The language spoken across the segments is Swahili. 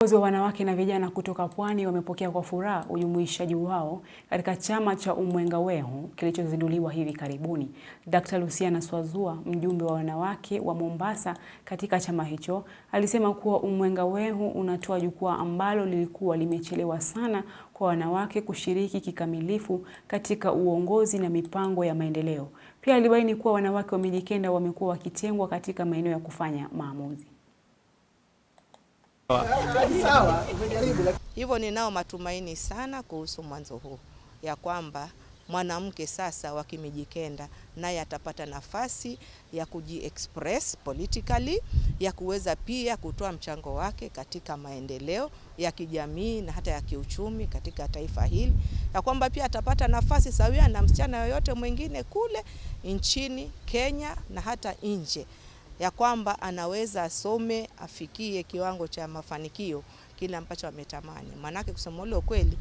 Viongozi wa wanawake na vijana kutoka Pwani wamepokea kwa furaha ujumuishaji wao katika chama cha umwenga wehu kilichozinduliwa hivi karibuni. Dkt. Luciana Swazua, mjumbe wa wanawake wa Mombasa katika chama hicho, alisema kuwa umwenga wehu unatoa jukwaa ambalo lilikuwa limechelewa sana kwa wanawake kushiriki kikamilifu katika uongozi na mipango ya maendeleo. Pia alibaini kuwa wanawake wa Mijikenda wamekuwa wakitengwa katika maeneo ya kufanya maamuzi. Hivyo ninao matumaini sana kuhusu mwanzo huu ya kwamba mwanamke sasa wa Kimijikenda naye atapata nafasi ya kujiexpress politically, ya kuweza pia kutoa mchango wake katika maendeleo ya kijamii na hata ya kiuchumi katika taifa hili, ya kwamba pia atapata nafasi sawia na msichana yoyote mwingine kule nchini Kenya na hata nje ya kwamba anaweza asome afikie kiwango cha mafanikio kile ambacho ametamani. Maanake kusema ule ukweli,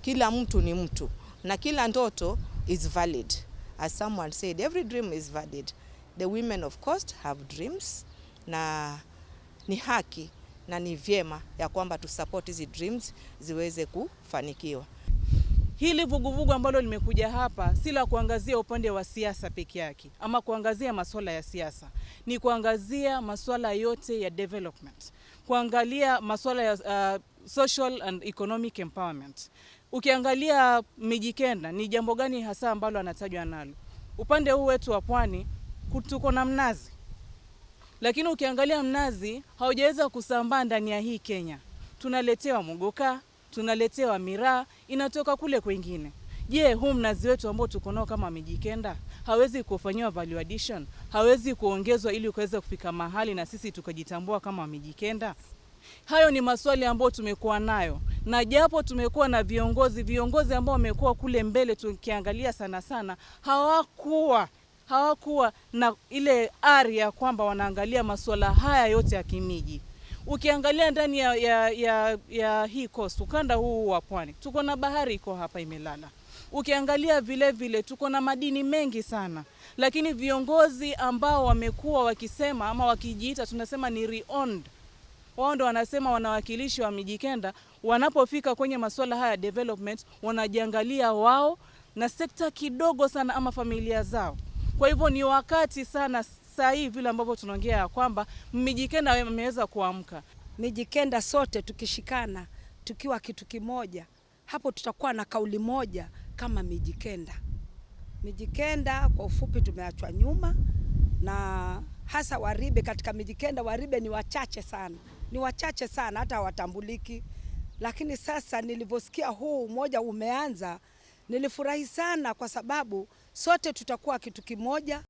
kila mtu ni mtu na kila ndoto is valid. As someone said, every dream is valid. The women of course have dreams na ni haki na ni vyema ya kwamba tusupport hizi dreams ziweze kufanikiwa. Hili vuguvugu ambalo limekuja hapa si la kuangazia upande wa siasa peke yake ama kuangazia masuala ya siasa, ni kuangazia masuala yote ya development, kuangalia masuala ya uh, social and economic empowerment. Ukiangalia Mijikenda, ni jambo gani hasa ambalo anatajwa nalo? Upande huu wetu wa pwani tuko na mnazi, lakini ukiangalia mnazi haujaweza kusambaa ndani ya hii Kenya. Tunaletewa mgoka tunaletewa miraa inatoka kule kwengine. Je, huu mnazi wetu ambao tuko nao kama Mijikenda hawezi kufanyiwa value addition? Hawezi kuongezwa ili ukaweza kufika mahali na sisi tukajitambua kama Mijikenda? Hayo ni maswali ambayo tumekuwa nayo, na japo tumekuwa na viongozi viongozi ambao wamekuwa kule mbele, tukiangalia sana sana hawakuwa hawakuwa na ile ari ya kwamba wanaangalia masuala haya yote ya kimiji ukiangalia ndani ya, ya, ya, ya hii coast, ukanda huu wa pwani tuko na bahari iko hapa imelala. Ukiangalia vile vile tuko na madini mengi sana, lakini viongozi ambao wamekuwa wakisema ama wakijiita tunasema ni reowned wao ndo wanasema wanawakilishi wa Mijikenda, wanapofika kwenye masuala haya development, wanajiangalia wao na sekta kidogo sana ama familia zao. Kwa hivyo ni wakati sana saa hii vile ambavyo tunaongea ya kwamba Mijikenda ameweza kuamka. Mijikenda sote tukishikana, tukiwa kitu kimoja, hapo tutakuwa na kauli moja kama Mijikenda. Mijikenda kwa ufupi tumeachwa nyuma, na hasa Waribe katika Mijikenda. Waribe ni wachache sana, ni wachache sana, hata hawatambuliki. Lakini sasa nilivyosikia huu umoja umeanza, nilifurahi sana, kwa sababu sote tutakuwa kitu kimoja.